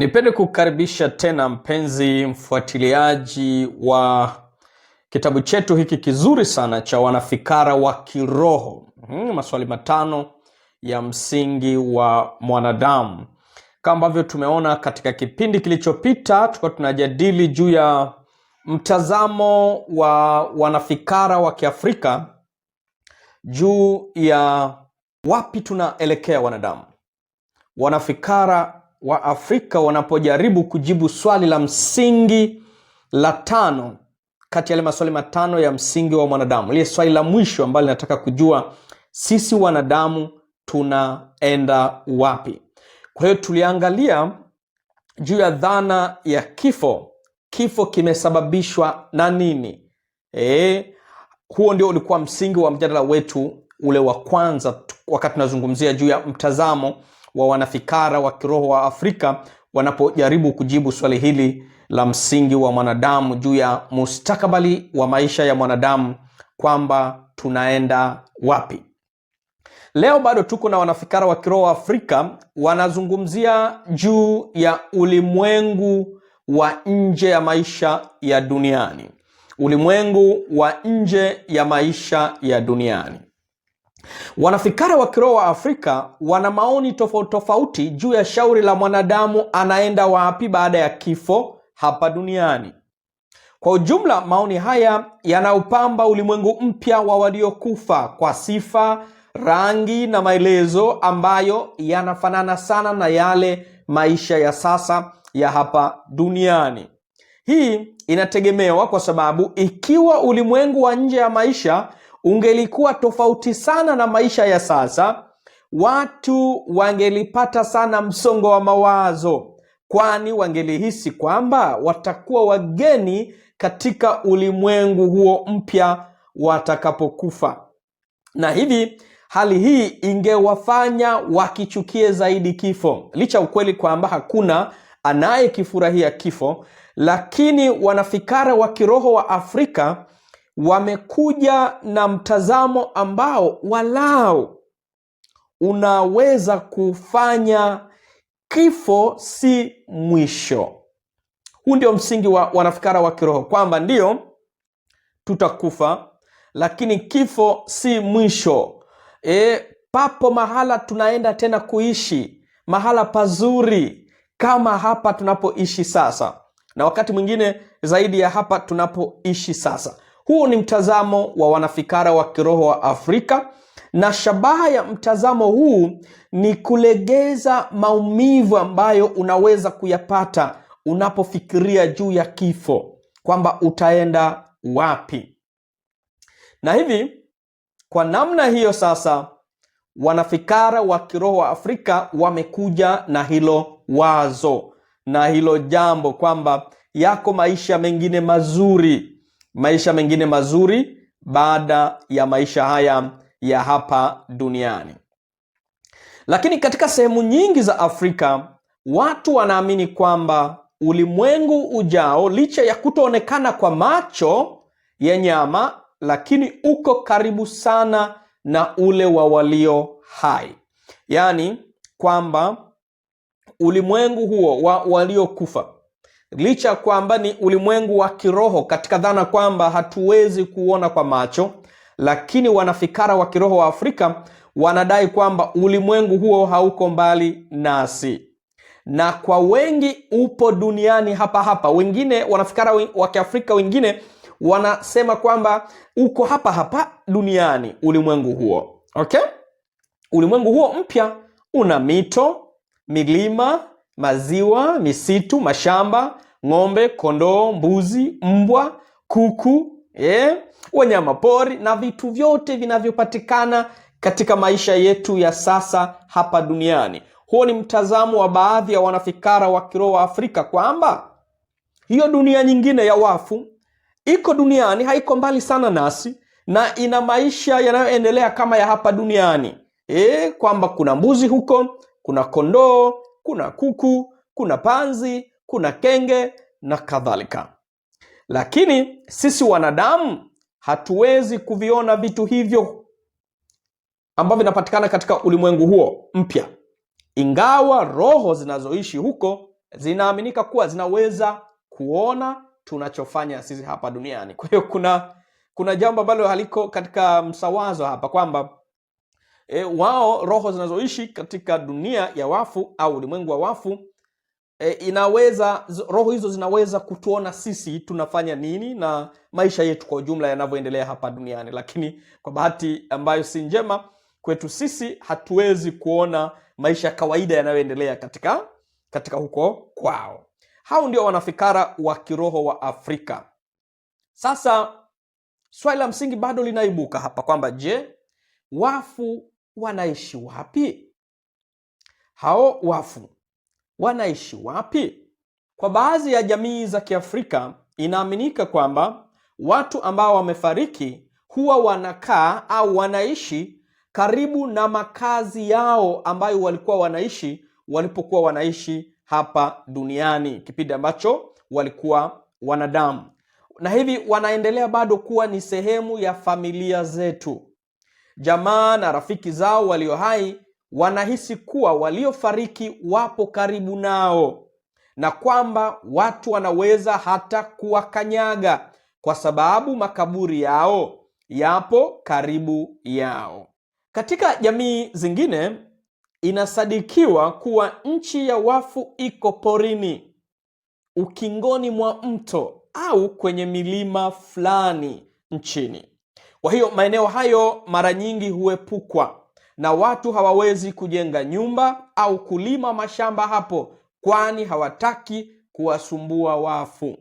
Nipende kukaribisha tena mpenzi mfuatiliaji wa kitabu chetu hiki kizuri sana cha wanafikara wa kiroho. Hmm, maswali matano ya msingi wa mwanadamu. Kama ambavyo tumeona katika kipindi kilichopita, tulikuwa tunajadili juu ya mtazamo wa wanafikara wa Kiafrika juu ya wapi tunaelekea wanadamu. Wanafikara wa Afrika wanapojaribu kujibu swali la msingi la tano kati ya yale maswali matano ya msingi wa mwanadamu, lile swali la mwisho ambalo linataka kujua sisi wanadamu tunaenda wapi. Kwa hiyo tuliangalia juu ya dhana ya kifo. Kifo kimesababishwa na nini? E, huo ndio ulikuwa msingi wa mjadala wetu ule wa kwanza, wakati tunazungumzia juu ya mtazamo wa wanafikara wa kiroho wa Afrika wanapojaribu kujibu swali hili la msingi wa mwanadamu juu ya mustakabali wa maisha ya mwanadamu kwamba tunaenda wapi. Leo bado tuko na wanafikara wa kiroho wa Afrika wanazungumzia juu ya ulimwengu wa nje ya maisha ya duniani, ulimwengu wa nje ya maisha ya duniani. Wanafikara wa kiroho wa Afrika wana maoni tofauti tofauti juu ya shauri la mwanadamu anaenda wapi baada ya kifo hapa duniani. Kwa ujumla, maoni haya yanaupamba ulimwengu mpya wa waliokufa kwa sifa, rangi na maelezo ambayo yanafanana sana na yale maisha ya sasa ya hapa duniani. Hii inategemewa kwa sababu ikiwa ulimwengu wa nje ya maisha ungelikuwa tofauti sana na maisha ya sasa, watu wangelipata sana msongo wa mawazo, kwani wangelihisi kwamba watakuwa wageni katika ulimwengu huo mpya watakapokufa, na hivi hali hii ingewafanya wakichukie zaidi kifo, licha ukweli kwamba hakuna anayekifurahia kifo, lakini wanafikara wa kiroho wa Afrika wamekuja na mtazamo ambao walau unaweza kufanya kifo si mwisho. Huu ndio msingi wa wanafikara wa kiroho kwamba ndio tutakufa, lakini kifo si mwisho. E, papo mahala tunaenda tena kuishi mahala pazuri kama hapa tunapoishi sasa, na wakati mwingine zaidi ya hapa tunapoishi sasa. Huu ni mtazamo wa wanafikara wa kiroho wa Afrika, na shabaha ya mtazamo huu ni kulegeza maumivu ambayo unaweza kuyapata unapofikiria juu ya kifo, kwamba utaenda wapi. Na hivi kwa namna hiyo sasa, wanafikara wa kiroho wa Afrika wamekuja na hilo wazo na hilo jambo kwamba yako maisha mengine mazuri maisha mengine mazuri baada ya maisha haya ya hapa duniani. Lakini katika sehemu nyingi za Afrika watu wanaamini kwamba ulimwengu ujao, licha ya kutoonekana kwa macho ya nyama, lakini uko karibu sana na ule wa walio hai, yaani kwamba ulimwengu huo wa waliokufa licha ya kwamba ni ulimwengu wa kiroho katika dhana kwamba hatuwezi kuona kwa macho, lakini wanafikara wa kiroho wa Afrika wanadai kwamba ulimwengu huo hauko mbali nasi, na kwa wengi upo duniani hapa hapa. Wengine wanafikara wa Kiafrika wengine wanasema kwamba uko hapa hapa duniani ulimwengu huo, okay? Ulimwengu huo mpya una mito, milima maziwa, misitu, mashamba, ng'ombe, kondoo, mbuzi, mbwa, kuku, yeah, wanyama pori na vitu vyote vinavyopatikana katika maisha yetu ya sasa hapa duniani. Huo ni mtazamo wa baadhi ya wanafikara wa kiroho wa Afrika kwamba hiyo dunia nyingine ya wafu iko duniani, haiko mbali sana nasi na ina maisha yanayoendelea kama ya hapa duniani. E, kwamba kuna mbuzi huko, kuna kondoo, kuna kuku, kuna panzi, kuna kenge na kadhalika. Lakini sisi wanadamu hatuwezi kuviona vitu hivyo ambavyo vinapatikana katika ulimwengu huo mpya, ingawa roho zinazoishi huko zinaaminika kuwa zinaweza kuona tunachofanya sisi hapa duniani. Kwa hiyo kuna kuna jambo ambalo haliko katika msawazo hapa kwamba e, wao roho zinazoishi katika dunia ya wafu au ulimwengu wa wafu e, inaweza roho hizo zinaweza kutuona sisi tunafanya nini na maisha yetu kwa ujumla yanavyoendelea hapa duniani, lakini kwa bahati ambayo si njema kwetu sisi hatuwezi kuona maisha ya kawaida yanayoendelea katika katika huko kwao. Hao ndio wanafikara wa kiroho wa Afrika. Sasa swali la msingi bado linaibuka hapa kwamba je, wafu wanaishi wapi? Hao wafu wanaishi wapi? Kwa baadhi ya jamii za Kiafrika inaaminika kwamba watu ambao wamefariki huwa wanakaa au wanaishi karibu na makazi yao ambayo walikuwa wanaishi walipokuwa wanaishi hapa duniani, kipindi ambacho walikuwa wanadamu, na hivi wanaendelea bado kuwa ni sehemu ya familia zetu. Jamaa na rafiki zao walio hai wanahisi kuwa waliofariki wapo karibu nao na kwamba watu wanaweza hata kuwakanyaga kwa sababu makaburi yao yapo karibu yao. Katika jamii zingine inasadikiwa kuwa nchi ya wafu iko porini, ukingoni mwa mto au kwenye milima fulani nchini. Kwa hiyo maeneo hayo mara nyingi huepukwa na watu hawawezi kujenga nyumba au kulima mashamba hapo, kwani hawataki kuwasumbua wafu.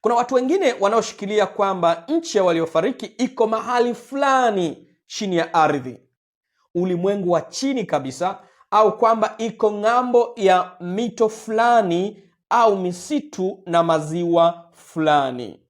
Kuna watu wengine wanaoshikilia kwamba nchi ya waliofariki iko mahali fulani chini ya ardhi, ulimwengu wa chini kabisa, au kwamba iko ng'ambo ya mito fulani au misitu na maziwa fulani.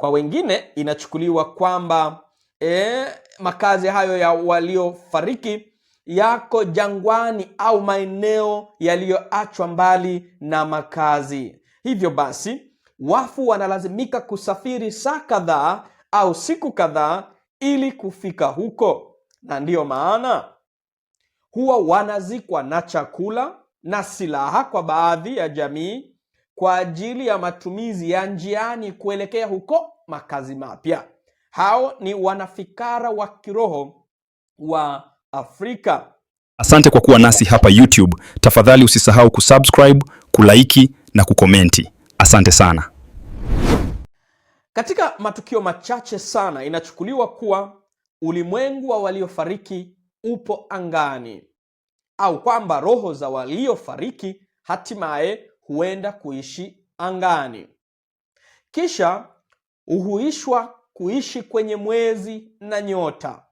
Kwa wengine inachukuliwa kwamba e, makazi hayo ya waliofariki yako jangwani au maeneo yaliyoachwa mbali na makazi. Hivyo basi, wafu wanalazimika kusafiri saa kadhaa au siku kadhaa ili kufika huko, na ndiyo maana huwa wanazikwa na chakula na silaha kwa baadhi ya jamii, kwa ajili ya matumizi ya njiani kuelekea huko makazi mapya. Hao ni wanafikara wa kiroho wa Afrika. Asante kwa kuwa nasi hapa YouTube. Tafadhali usisahau kusubscribe, kulaiki na kukomenti. Asante sana. Katika matukio machache sana inachukuliwa kuwa ulimwengu wa waliofariki upo angani au kwamba roho za waliofariki hatimaye huenda kuishi angani, kisha huhuishwa kuishi kwenye mwezi na nyota,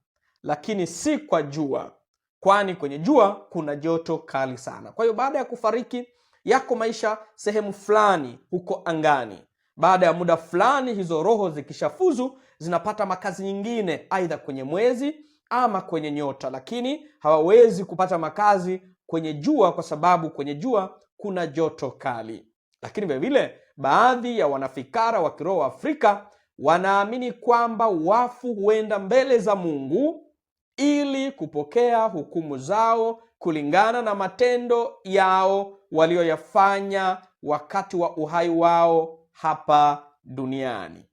lakini si kwa jua, kwani kwenye jua kuna joto kali sana. Kwa hiyo baada ya kufariki yako maisha sehemu fulani huko angani. Baada ya muda fulani, hizo roho zikishafuzu zinapata makazi nyingine, aidha kwenye mwezi ama kwenye nyota, lakini hawawezi kupata makazi kwenye jua, kwa sababu kwenye jua kuna joto kali. Lakini vilevile baadhi ya wanafikara wa kiroho wa Afrika wanaamini kwamba wafu huenda mbele za Mungu ili kupokea hukumu zao kulingana na matendo yao walioyafanya wakati wa uhai wao hapa duniani.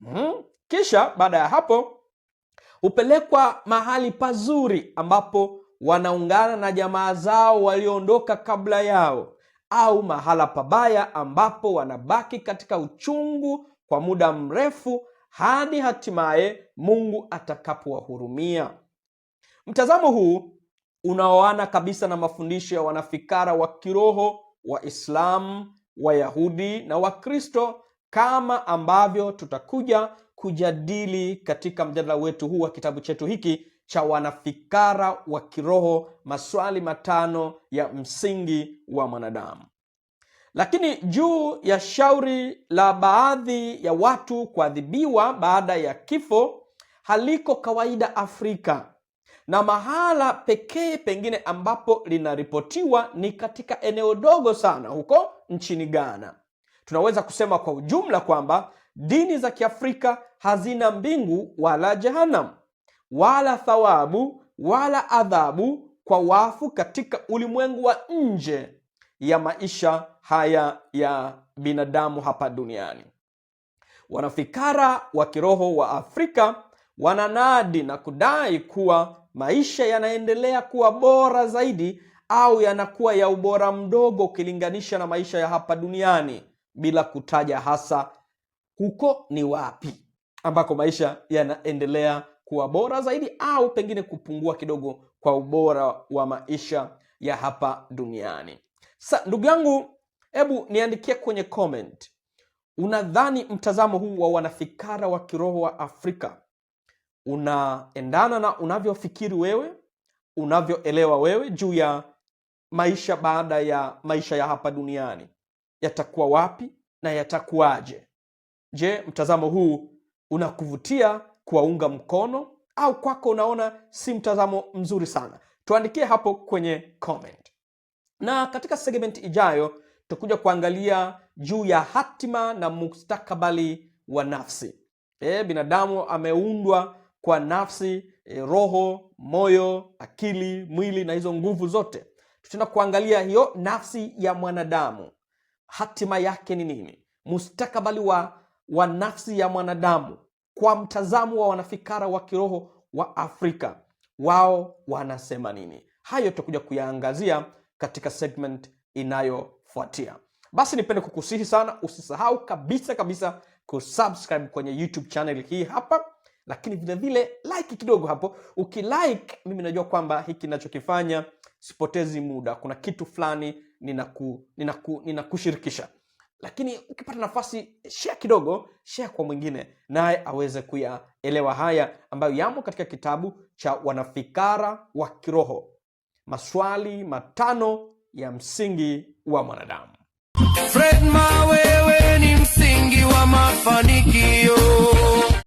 Mm-hmm. Kisha baada ya hapo hupelekwa mahali pazuri ambapo wanaungana na jamaa zao walioondoka kabla yao, au mahala pabaya ambapo wanabaki katika uchungu kwa muda mrefu hadi hatimaye Mungu atakapowahurumia. Mtazamo huu unaoana kabisa na mafundisho ya wanafikara wa kiroho Waislamu, Wayahudi na Wakristo kama ambavyo tutakuja kujadili katika mjadala wetu huu wa kitabu chetu hiki cha wanafikara wa kiroho, maswali matano ya msingi wa mwanadamu. Lakini juu ya shauri la baadhi ya watu kuadhibiwa baada ya kifo haliko kawaida Afrika, na mahala pekee pengine ambapo linaripotiwa ni katika eneo dogo sana huko nchini Ghana. Tunaweza kusema kwa ujumla kwamba dini za Kiafrika hazina mbingu wala jehanamu wala thawabu wala adhabu kwa wafu katika ulimwengu wa nje ya maisha haya ya binadamu hapa duniani. Wanafikara wa kiroho wa Afrika wananadi na kudai kuwa maisha yanaendelea kuwa bora zaidi au yanakuwa ya ubora mdogo ukilinganisha na maisha ya hapa duniani, bila kutaja hasa huko ni wapi ambako maisha yanaendelea kuwa bora zaidi au pengine kupungua kidogo kwa ubora wa maisha ya hapa duniani. Sa ndugu yangu, hebu niandikie kwenye comment, unadhani mtazamo huu wa wanafikara wa kiroho wa Afrika unaendana na unavyofikiri wewe, unavyoelewa wewe juu ya maisha baada ya maisha ya hapa duniani yatakuwa wapi na yatakuwaje? Je, mtazamo huu unakuvutia kuwaunga mkono au kwako unaona si mtazamo mzuri sana? Tuandikie hapo kwenye comment. Na katika segment ijayo tutakuja kuangalia juu ya hatima na mustakabali wa nafsi. E, binadamu ameundwa kwa nafsi e, roho, moyo, akili, mwili na hizo nguvu zote. Tutaenda kuangalia hiyo nafsi ya mwanadamu, hatima yake ni nini? Mustakabali wa, wa nafsi ya mwanadamu kwa mtazamo wa wanafikara wa kiroho wa Afrika, wao wanasema nini? Hayo tutakuja kuyaangazia katika segment inayofuatia. Basi nipende kukusihi sana, usisahau kabisa kabisa kusubscribe kwenye YouTube channel hii hapa, lakini vilevile like kidogo hapo. Ukilike mimi najua kwamba hiki ninachokifanya sipotezi muda, kuna kitu fulani ninakushirikisha, ninaku, ninaku lakini ukipata nafasi share kidogo, share kwa mwingine naye aweze kuyaelewa haya ambayo yamo katika kitabu cha Wanafikara wa Kiroho, maswali matano ya msingi wa mwanadamu. Fred Mawewe ni msingi wa mafanikio.